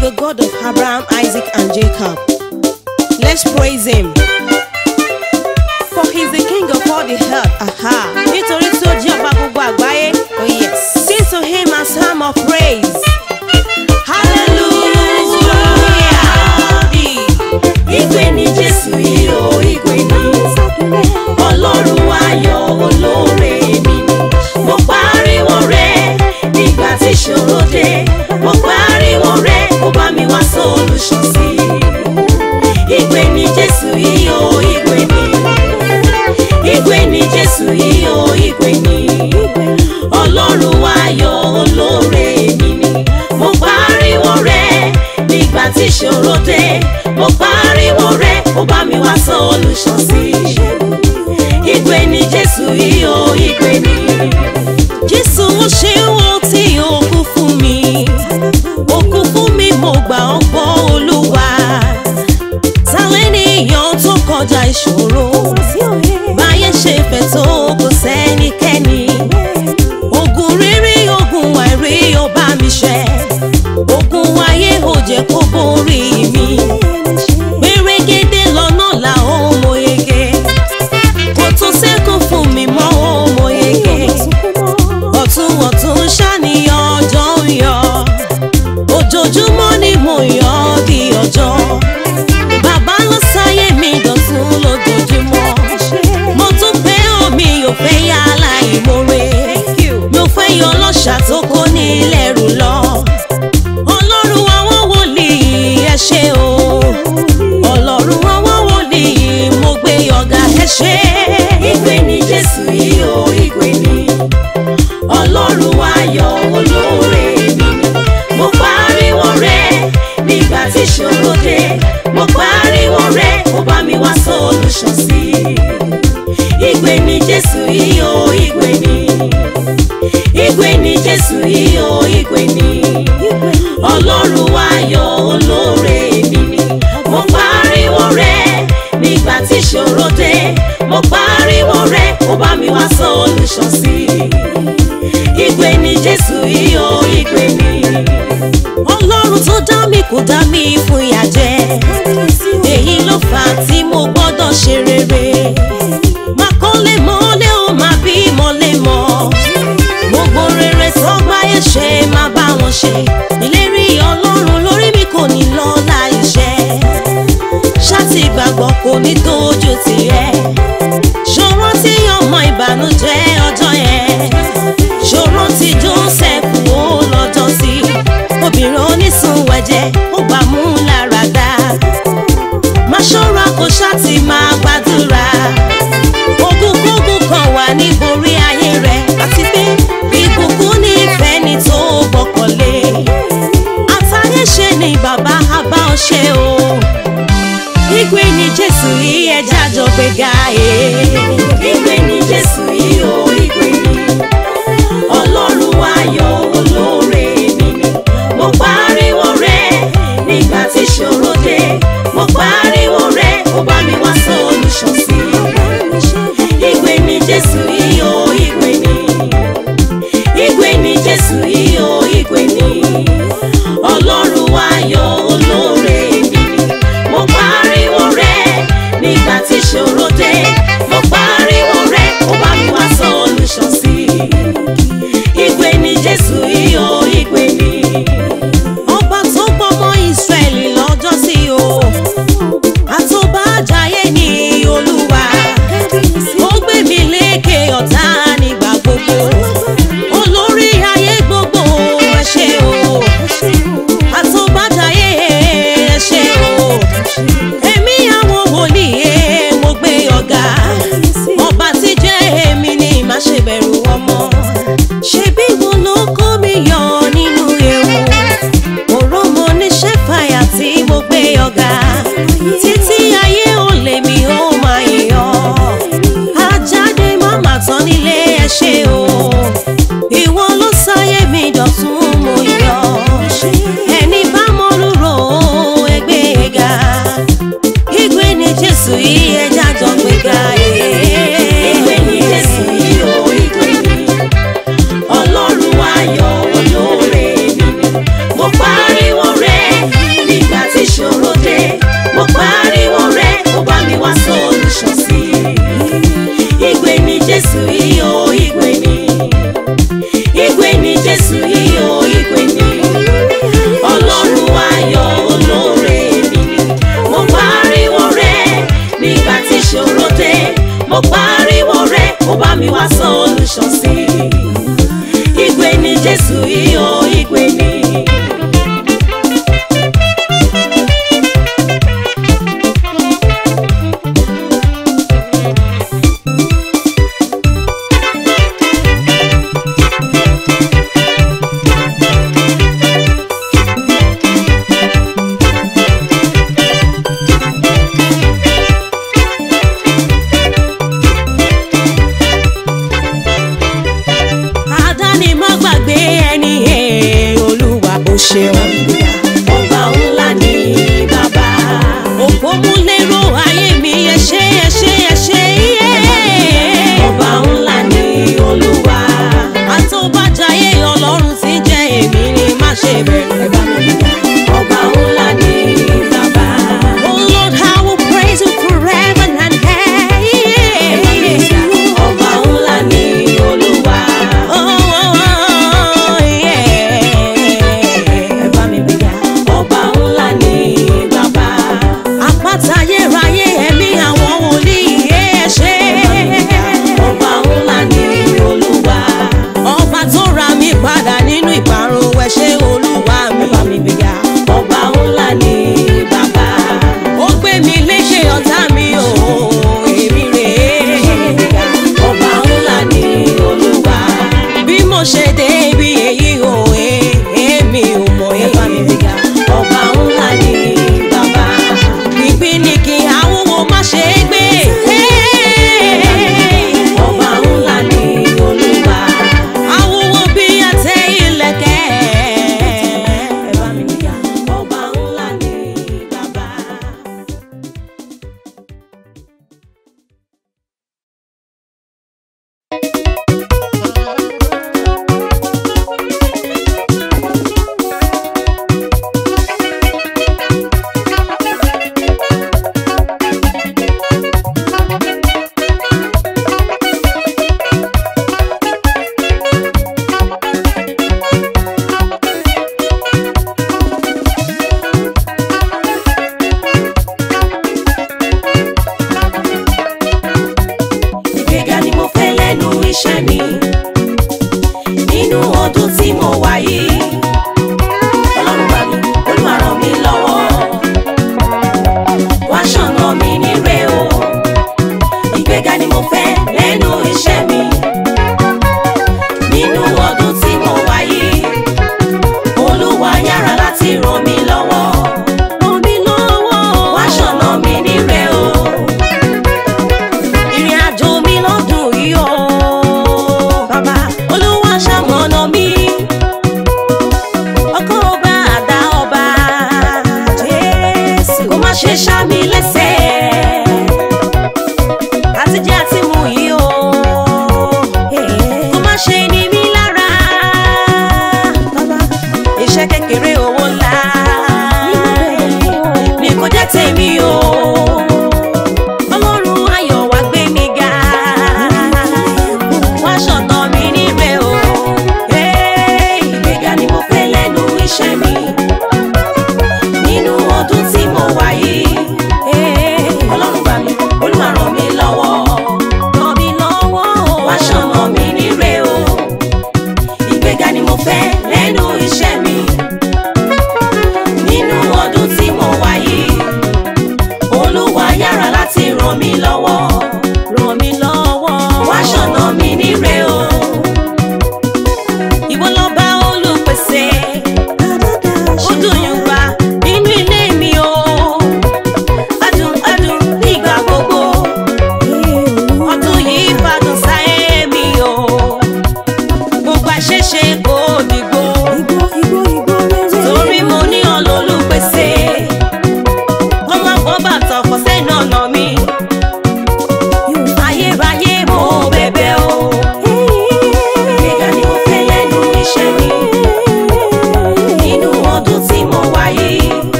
the God of Abraham, Isaac, and Jacob. Let's praise Him. For He's the King of all the earth. Aha! Nítorí tí ó jẹ́ ọba Oh yes. Sing to Him a psalm of praise. Hallelujah! Ìgbé ni Jésù yìí o, ìgbé ni. Ọlọ́run ayọ̀ olóòrùn. we want solution sí. Ìgbé ni Jésù yìí o, ìgbé ni. Ìgbé ni Jésù yìí o, ìgbé ni. Ọlọ́run ayọ̀ olóore mi ni. Mo pariwo rẹ̀ nígbà tí ìṣòro dé. Mo pariwo rẹ̀ ó bá mi wá solution sí. Ìgbé ni Jésù yìí o, ni. Jésù mo ṣe wọ́n tí o kú fún mi àgbà ọgbọ́n olúwa tálẹ́ nìyàn tó kọjá ìṣòro báyé ṣe fẹ̀ tó kò sẹ́nikẹ́ni. ṣàn sí igbe ni jésù iyọ̀ igbe ni. ọlọ́run tó dá mi kò dá mi fún ìyà jẹ èyí ló fà á tí mo gbọ́dọ̀ ṣe rere má kọ́lé mọ́lé ó má bí mọ́lé mọ́ gbogbo rere sọ́gbà ẹ̀ṣẹ̀ má bá wọn ṣe ìlérí ọlọ́run lórí mi kò ní lọ láì ṣẹ ṣáàtì ìgbàgbọ́ kò ní tójú tiẹ̀ ṣòro tí ọmọ ìbànújẹ́. 切勿。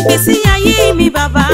ìgbésí ayé mi bàbá.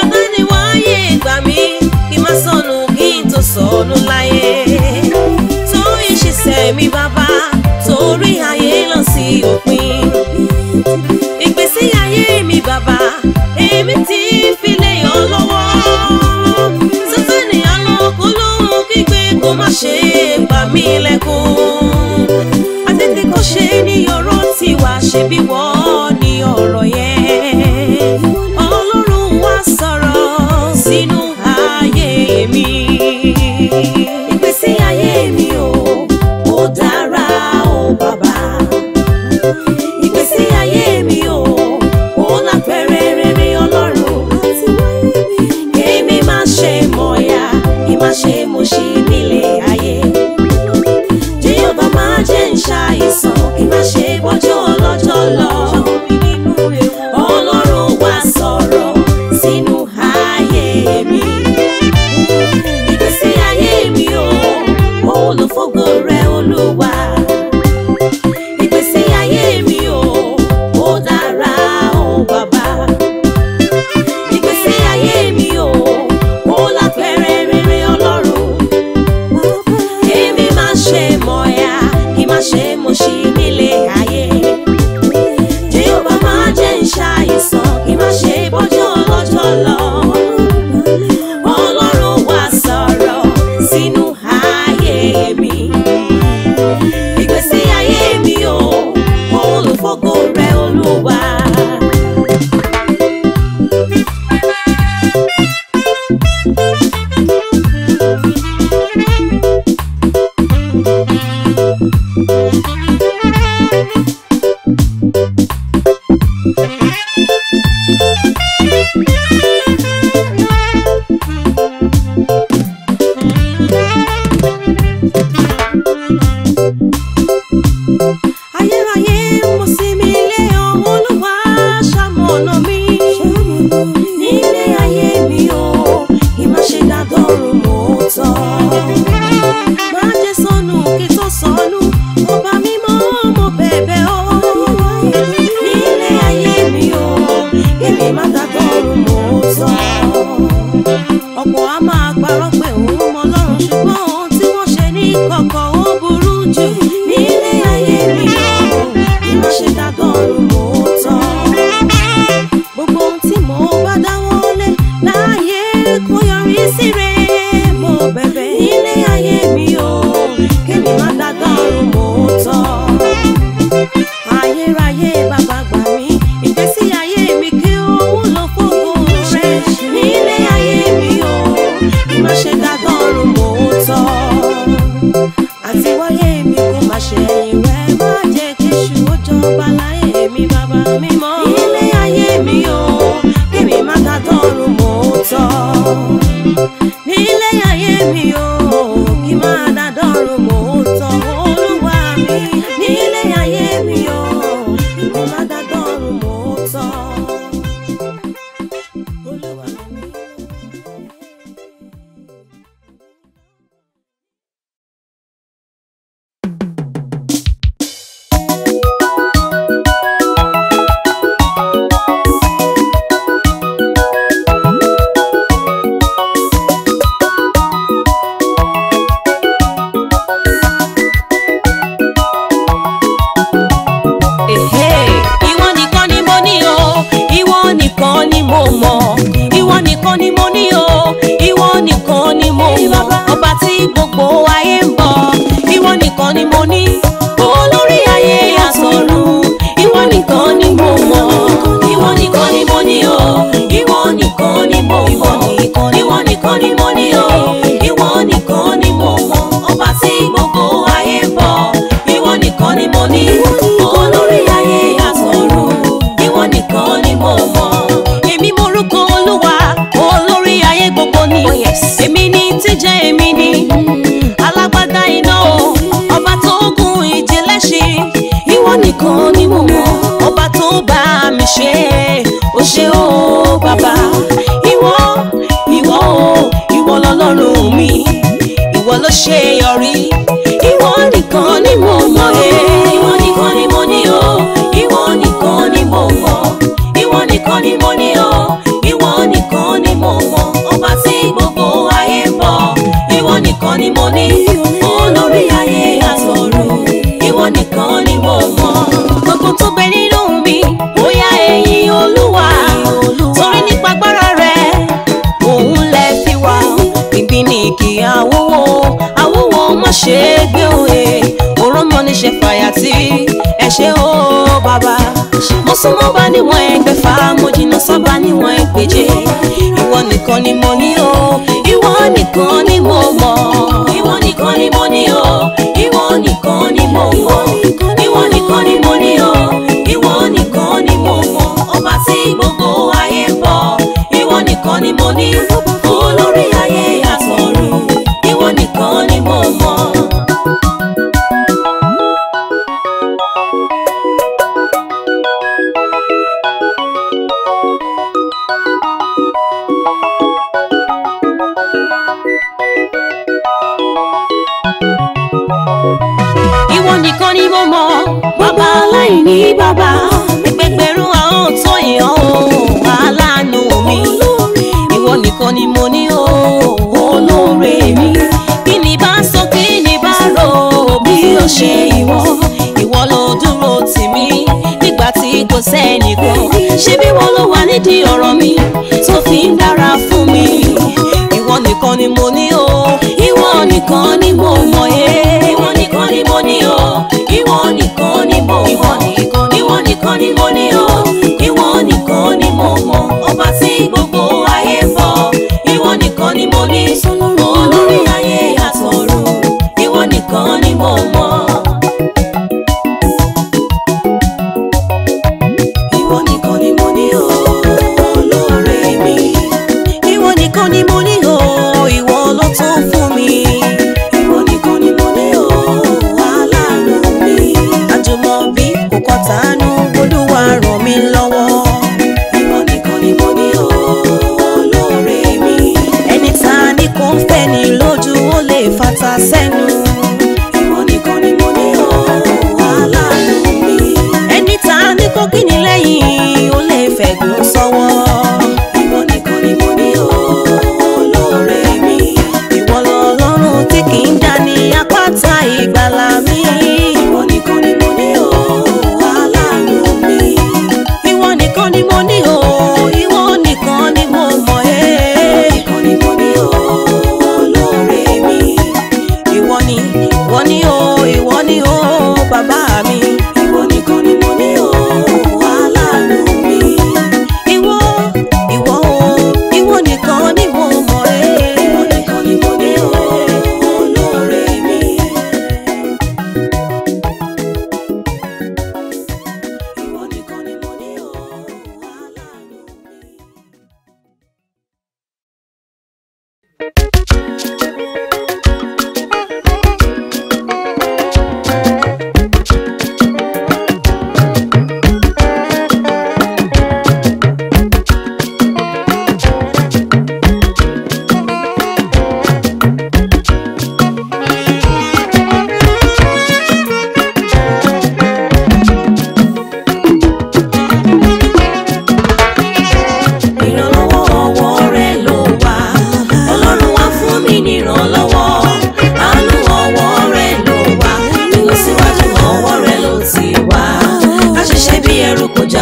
abániwáyé gbà mí kí má sọnù kí n tó sọnù láyé torí ṣiṣẹ́ mi bàbá torí ayé lọ sí òpin ìgbésí ayé mi bàbá èmi ti fi lé ọ lọ́wọ́ sátánì alọ́kọ́ lóhun súnmọ́ bá níwọ̀n ẹgbẹ́ fà á mo jìnnà sọ́ba níwọ̀n ẹgbẹ́jẹ́ ìwọ nìkan ni mo ní o ìwọ nìkan ni mo mọ̀ ìwọ nìkan ni mo ní o ìwọ nìkan ni mo mọ̀ ìwọ nìkan ni mo ní o ìwọ nìkan ni mo mọ̀ ọba tí gbogbo ayé ń bọ̀ ìwọ nìkan ni mo ní. ṣe bí wọn ló wà nídìí ọ̀rọ̀ mi tó fi ń dára fún mi ìwọ nìkan ni mo ní o ìwọ nìkan ni mo ní.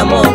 amor.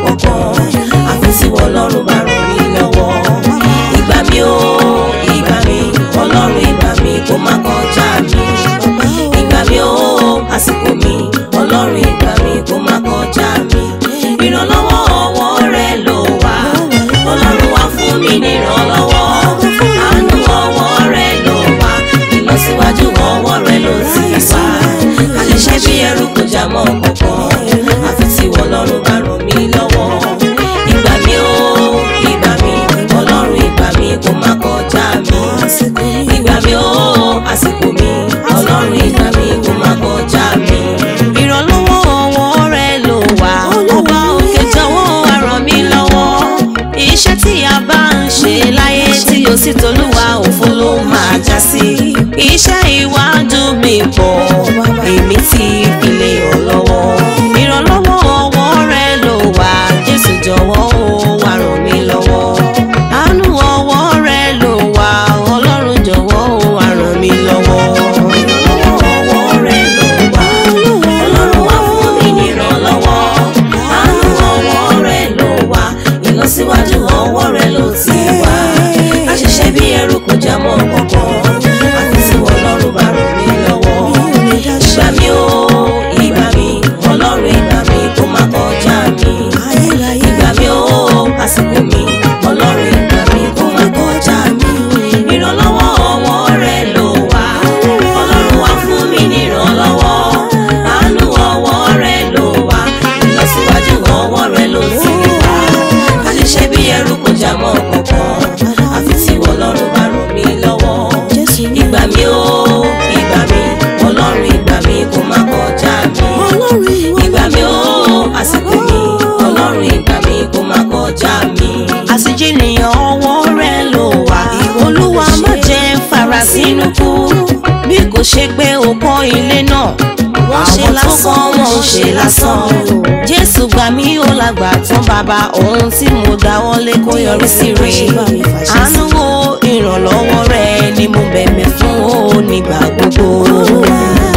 láti fi lé ọ lọ́wọ́ ìrànlọ́wọ́ ọwọ́ rẹ ló wà Jésù jọ̀wọ́ ó wá ràn mí lọ́wọ́ àánú ọwọ́ rẹ ló wà Ọlọ́run jọ̀wọ́ ó wá ràn mí lọ́wọ́. Síwájú ṣe pé ó kọ́ ilé náà wọ́n ṣe lásán wọ́n ṣe lásán jésù gbà mí ó lágbà tán bàbá ohun tí mo dáwọ́lé kó yọrí sí rè àánú wo ìrànlọ́wọ́ rẹ ni mo bẹ̀bẹ̀ fún ó nígbà gbogbo.